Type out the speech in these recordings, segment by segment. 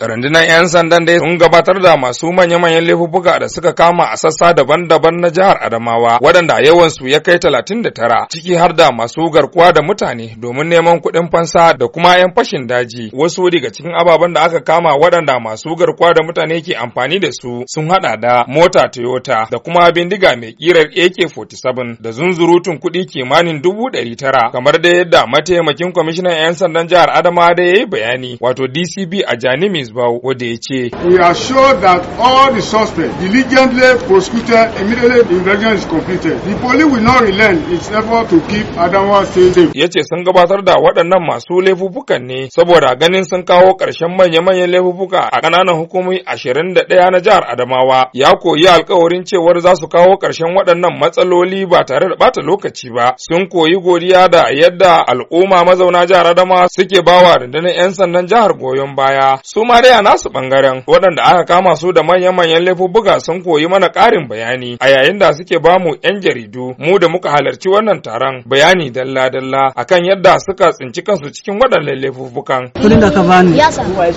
Rundunar 'yan sandan dai sun gabatar da masu manya-manyan laifuffuka da suka kama a sassa daban-daban na jihar Adamawa, waɗanda a yawansu ya kai talatin da tara, ciki har da masu garkuwa da mutane domin neman kuɗin fansa da kuma 'yan fashin daji. Wasu daga cikin ababen da aka kama waɗanda masu garkuwa da mutane ke amfani da su sun haɗa da mota Toyota da kuma bindiga mai ƙirar AK-47 da zunzurutun kuɗi kimanin dubu ɗari tara, kamar da yadda mataimakin kwamishinan 'yan sandan jihar Adamawa da ya yi bayani, wato DCB a Janimi Hisbaw wanda ya ce We are sure that all the suspects diligently prosecuted immediately the investigation is completed. The police will not relent its effort to keep Adamawa state safe. Ya ce sun gabatar da waɗannan masu laifuffukan ne saboda ganin sun kawo ƙarshen manya-manyan laifuffuka a ƙananan hukumomi ashirin da ɗaya na jihar Adamawa. Ya koyi alkawarin cewar za su kawo ƙarshen waɗannan matsaloli ba tare da ɓata lokaci ba. Sun koyi godiya da yadda al'umma mazauna jihar Adamawa suke bawa rundunar 'yan sandan jihar goyon baya. Su ma har nasu bangaren waɗanda aka kama su da manya-manyan laifuffuka sun koyi mana ƙarin bayani a yayin da suke ba mu 'yan jaridu mu da muka halarci wannan taron bayani dalla-dalla akan yadda suka tsinci kansu cikin waɗannan laifuffukan. Kudin da ka bani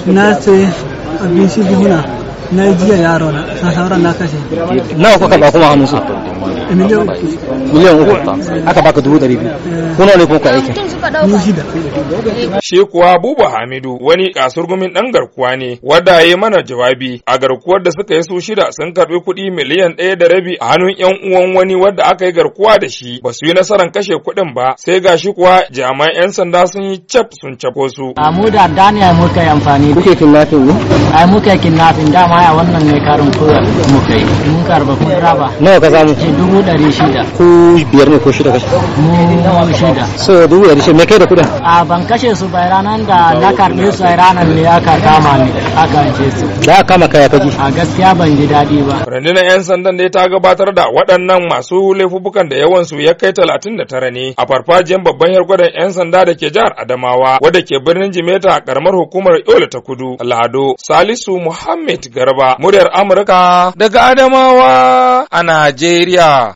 na sai shi buhuna na yi jiya yaro na na sauran na kashe nawa kuka ba kuma hannun su miliyan uku miliyan uku aka baka dubu dari biyu eh. kuna ne kuka aikin ni shida shi kuwa buba hamidu wani kasurgumin dan garkuwa ne wadda ya mana jawabi a garkuwar da suka yi su shida sun karbi kuɗi miliyan ɗaya da rabi a hannun yan uwan wani wadda aka yi garkuwa da shi ba su yi nasarar kashe kuɗin ba sai shi kuwa jami'an yan sanda sun yi cap sun cefo su. mu da dani ai muka yi amfani. Kuke kinnafin ne? Ai muka kinnafin dama baya wannan ne karin koyar muka yi mun karba kun raba nawa ka samu dubu ɗari shida ko biyar ne ko shida kashe mu shida so dubu ɗari shida me kai da kuɗin a ban kashe su bai ranar da na karɓe su a ranar ne aka kama ni aka ce su da kama kaya kaji a gaskiya ban ji daɗi ba rundunar yan sandan ne ta gabatar da waɗannan masu laifukan da yawansu ya kai talatin da tara ne a farfajiyar babban yargwadon yan sanda da ke jihar adamawa wadda ke birnin jimeta a karamar hukumar yola ta kudu alhado salisu muhammad garba Garba, muryar Amurka daga Adamawa a Najeriya.